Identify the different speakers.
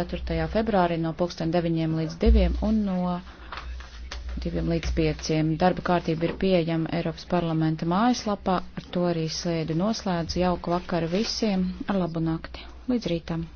Speaker 1: 4. februārī no 2009 līdz 2 un no 2 līdz 5. Darba kārtība ir pieejama Eiropas parlamenta mājaslapā, ar to arī slēdu noslēdz. Jauku vakaru visiem, ar labu nakti, līdz rītam!